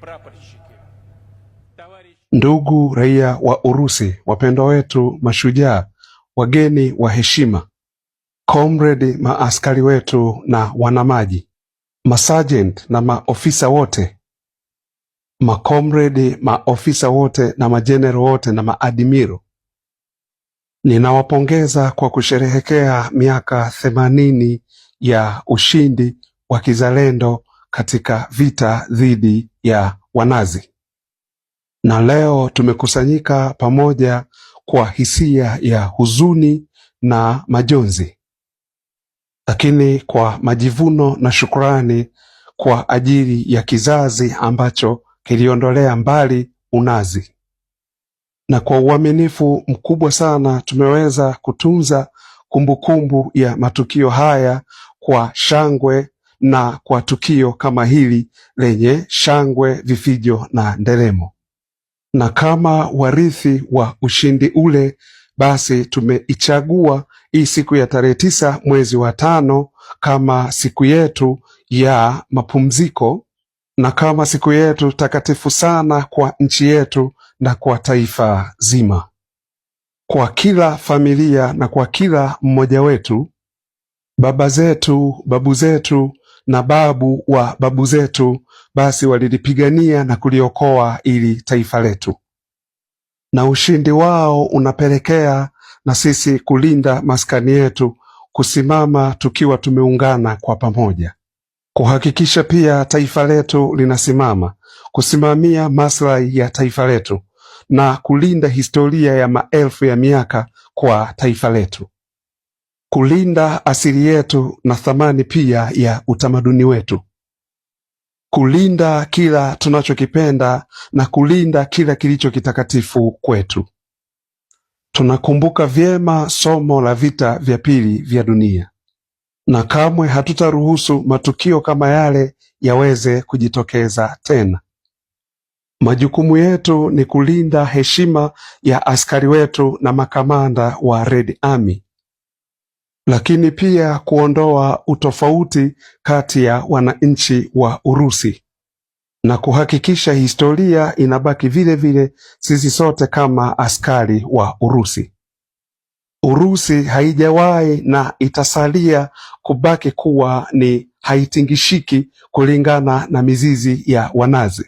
прапорщики. Ndugu raia wa Urusi, wapendwa wetu mashujaa, wageni wa heshima, komredi maaskari wetu na wanamaji, masajent na maofisa wote, makomredi maofisa wote na majenero wote na maadimiro, ninawapongeza kwa kusherehekea miaka themanini ya ushindi wa kizalendo katika vita dhidi ya Wanazi. Na leo tumekusanyika pamoja kwa hisia ya huzuni na majonzi, lakini kwa majivuno na shukrani kwa ajili ya kizazi ambacho kiliondolea mbali unazi. Na kwa uaminifu mkubwa sana tumeweza kutunza kumbukumbu ya matukio haya kwa shangwe na kwa tukio kama hili lenye shangwe, vifijo na nderemo. Na kama warithi wa ushindi ule, basi tumeichagua hii siku ya tarehe tisa mwezi wa tano kama siku yetu ya mapumziko na kama siku yetu takatifu sana kwa nchi yetu na kwa taifa zima, kwa kila familia na kwa kila mmoja wetu. Baba zetu, babu zetu na babu wa babu zetu, basi walilipigania na kuliokoa ili taifa letu, na ushindi wao unapelekea na sisi kulinda maskani yetu, kusimama tukiwa tumeungana kwa pamoja, kuhakikisha pia taifa letu linasimama, kusimamia maslahi ya taifa letu na kulinda historia ya maelfu ya miaka kwa taifa letu kulinda asili yetu na thamani pia ya utamaduni wetu, kulinda kila tunachokipenda na kulinda kila kilicho kitakatifu kwetu. Tunakumbuka vyema somo la vita vya pili vya dunia na kamwe hatutaruhusu matukio kama yale yaweze kujitokeza tena. Majukumu yetu ni kulinda heshima ya askari wetu na makamanda wa Red Army lakini pia kuondoa utofauti kati ya wananchi wa Urusi na kuhakikisha historia inabaki vile vile, sisi sote kama askari wa Urusi. Urusi haijawahi na itasalia kubaki kuwa ni haitingishiki kulingana na mizizi ya Wanazi,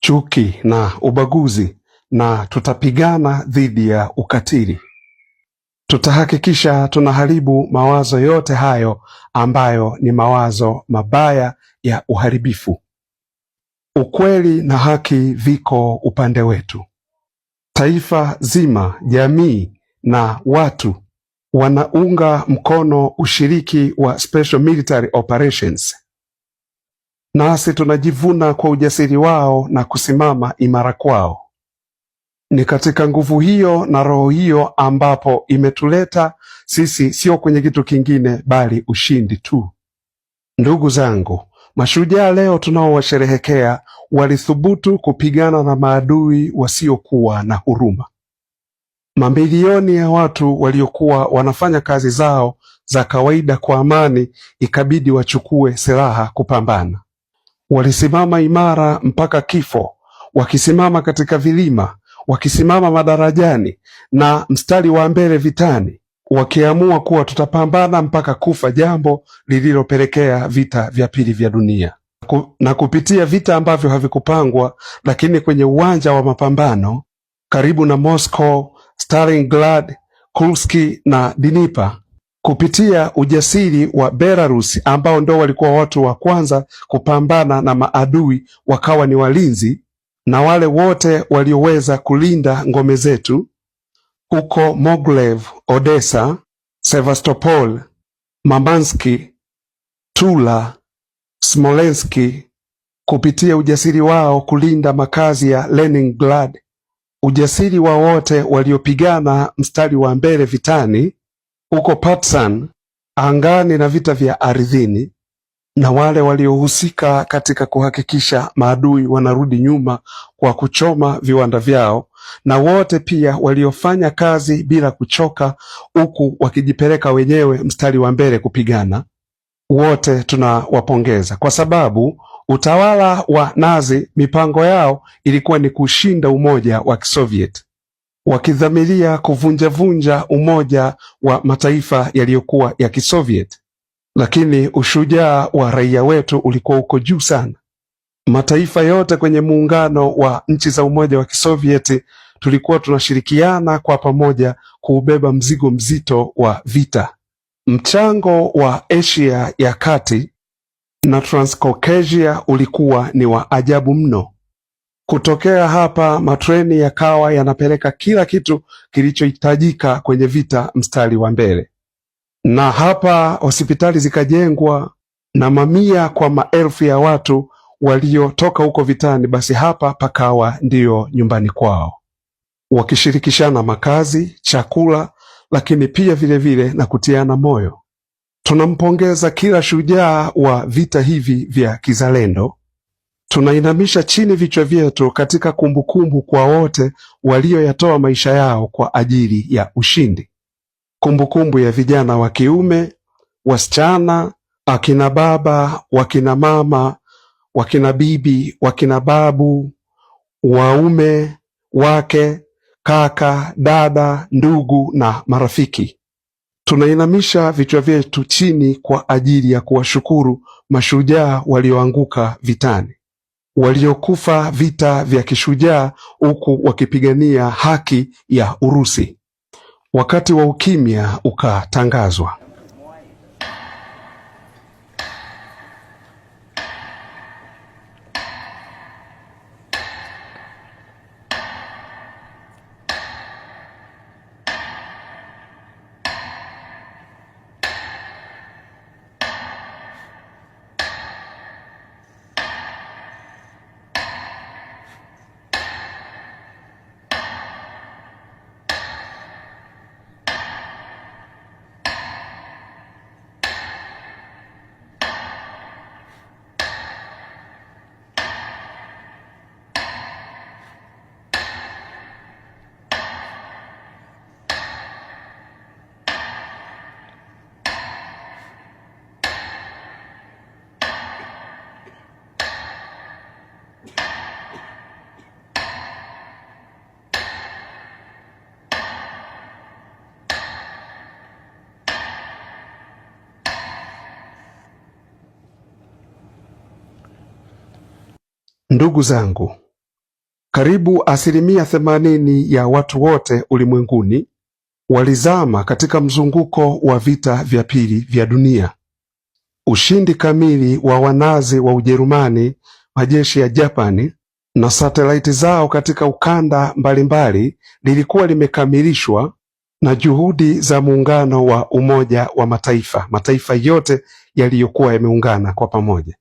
chuki na ubaguzi, na tutapigana dhidi ya ukatili tutahakikisha tunaharibu mawazo yote hayo ambayo ni mawazo mabaya ya uharibifu. Ukweli na haki viko upande wetu. Taifa zima, jamii na watu wanaunga mkono ushiriki wa special military operations, nasi tunajivuna kwa ujasiri wao na kusimama imara kwao. Ni katika nguvu hiyo na roho hiyo ambapo imetuleta sisi, sio kwenye kitu kingine, bali ushindi tu. Ndugu zangu, mashujaa leo tunaowasherehekea walithubutu kupigana na maadui wasiokuwa na huruma. Mamilioni ya watu waliokuwa wanafanya kazi zao za kawaida kwa amani, ikabidi wachukue silaha kupambana. Walisimama imara mpaka kifo, wakisimama katika vilima wakisimama madarajani na mstari wa mbele vitani, wakiamua kuwa tutapambana mpaka kufa, jambo lililopelekea vita vya pili vya dunia na kupitia vita ambavyo havikupangwa, lakini kwenye uwanja wa mapambano karibu na Moscow, Stalingrad, Kursk na Dnipro, kupitia ujasiri wa Belarus ambao ndo walikuwa watu wa kwanza kupambana na maadui, wakawa ni walinzi na wale wote walioweza kulinda ngome zetu huko Mogilev, Odessa, Sevastopol, Mamanski, Tula, Smolenski kupitia ujasiri wao kulinda makazi ya Leningrad, ujasiri wa wote waliopigana mstari wa mbele vitani huko Patsan, angani na vita vya ardhini, na wale waliohusika katika kuhakikisha maadui wanarudi nyuma kwa kuchoma viwanda vyao na wote pia waliofanya kazi bila kuchoka, huku wakijipeleka wenyewe mstari wa mbele kupigana, wote tunawapongeza kwa sababu utawala wa Nazi mipango yao ilikuwa ni kushinda umoja wa Kisovieti, wakidhamiria kuvunjavunja umoja wa mataifa yaliyokuwa ya Kisovieti lakini ushujaa wa raia wetu ulikuwa uko juu sana. Mataifa yote kwenye muungano wa nchi za Umoja wa Kisovieti tulikuwa tunashirikiana kwa pamoja kuubeba mzigo mzito wa vita. Mchango wa Asia ya Kati na Transcaucasia ulikuwa ni wa ajabu mno. Kutokea hapa matreni yakawa yanapeleka kila kitu kilichohitajika kwenye vita mstari wa mbele na hapa hospitali zikajengwa na mamia kwa maelfu ya watu waliotoka huko vitani, basi hapa pakawa ndiyo nyumbani kwao, wakishirikishana makazi, chakula, lakini pia vilevile vile na kutiana moyo. Tunampongeza kila shujaa wa vita hivi vya kizalendo. Tunainamisha chini vichwa vyetu katika kumbukumbu kumbu kwa wote walioyatoa maisha yao kwa ajili ya ushindi kumbukumbu ya vijana wa kiume, wasichana, akina baba, wakina mama, wakina bibi, wakina babu, waume, wake, kaka, dada, ndugu na marafiki. Tunainamisha vichwa vyetu chini kwa ajili ya kuwashukuru mashujaa walioanguka vitani, waliokufa vita vya kishujaa, huku wakipigania haki ya Urusi wakati wa ukimya ukatangazwa. Ndugu zangu, karibu asilimia themanini ya watu wote ulimwenguni walizama katika mzunguko wa vita vya pili vya dunia. Ushindi kamili wa wanazi wa Ujerumani, majeshi ya Japani na satelaiti zao katika ukanda mbalimbali lilikuwa limekamilishwa na juhudi za muungano wa Umoja wa Mataifa, mataifa yote yaliyokuwa yameungana kwa pamoja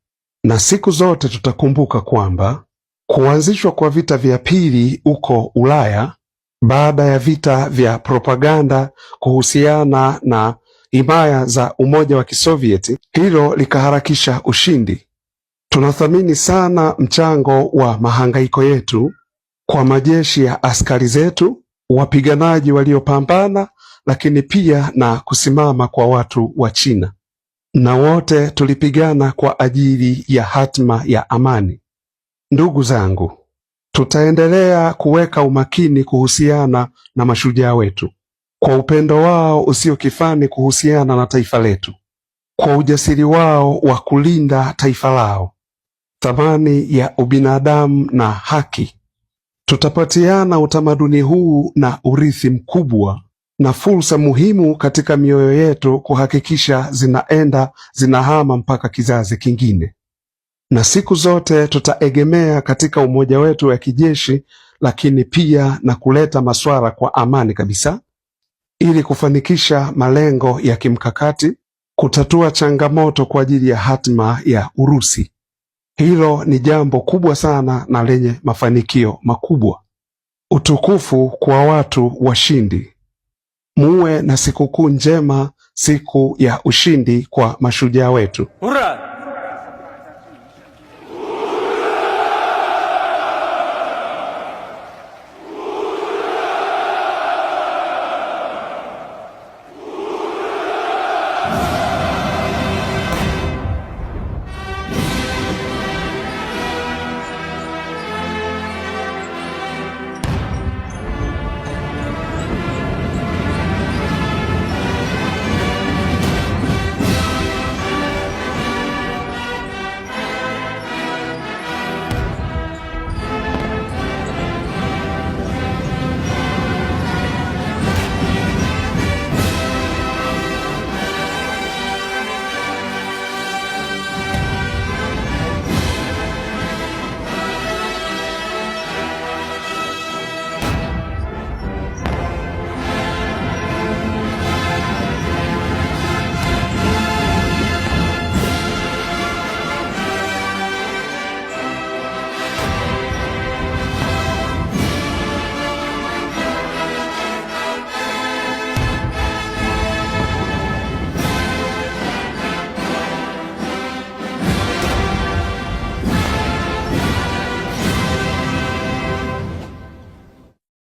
na siku zote tutakumbuka kwamba kuanzishwa kwa vita vya pili huko Ulaya baada ya vita vya propaganda kuhusiana na himaya za Umoja wa Kisovieti, hilo likaharakisha ushindi. Tunathamini sana mchango wa mahangaiko yetu kwa majeshi ya askari zetu, wapiganaji waliopambana, lakini pia na kusimama kwa watu wa China na wote tulipigana kwa ajili ya hatima ya amani. Ndugu zangu, tutaendelea kuweka umakini kuhusiana na mashujaa wetu, kwa upendo wao usiokifani kuhusiana na taifa letu, kwa ujasiri wao wa kulinda taifa lao, thamani ya ubinadamu na haki. Tutapatiana utamaduni huu na urithi mkubwa na fursa muhimu katika mioyo yetu kuhakikisha zinaenda zinahama mpaka kizazi kingine, na siku zote tutaegemea katika umoja wetu wa kijeshi, lakini pia na kuleta masuala kwa amani kabisa, ili kufanikisha malengo ya kimkakati, kutatua changamoto kwa ajili ya hatima ya Urusi. Hilo ni jambo kubwa sana na lenye mafanikio makubwa. Utukufu kwa watu washindi muwe na sikukuu njema, siku ya ushindi kwa mashujaa wetu. Ura!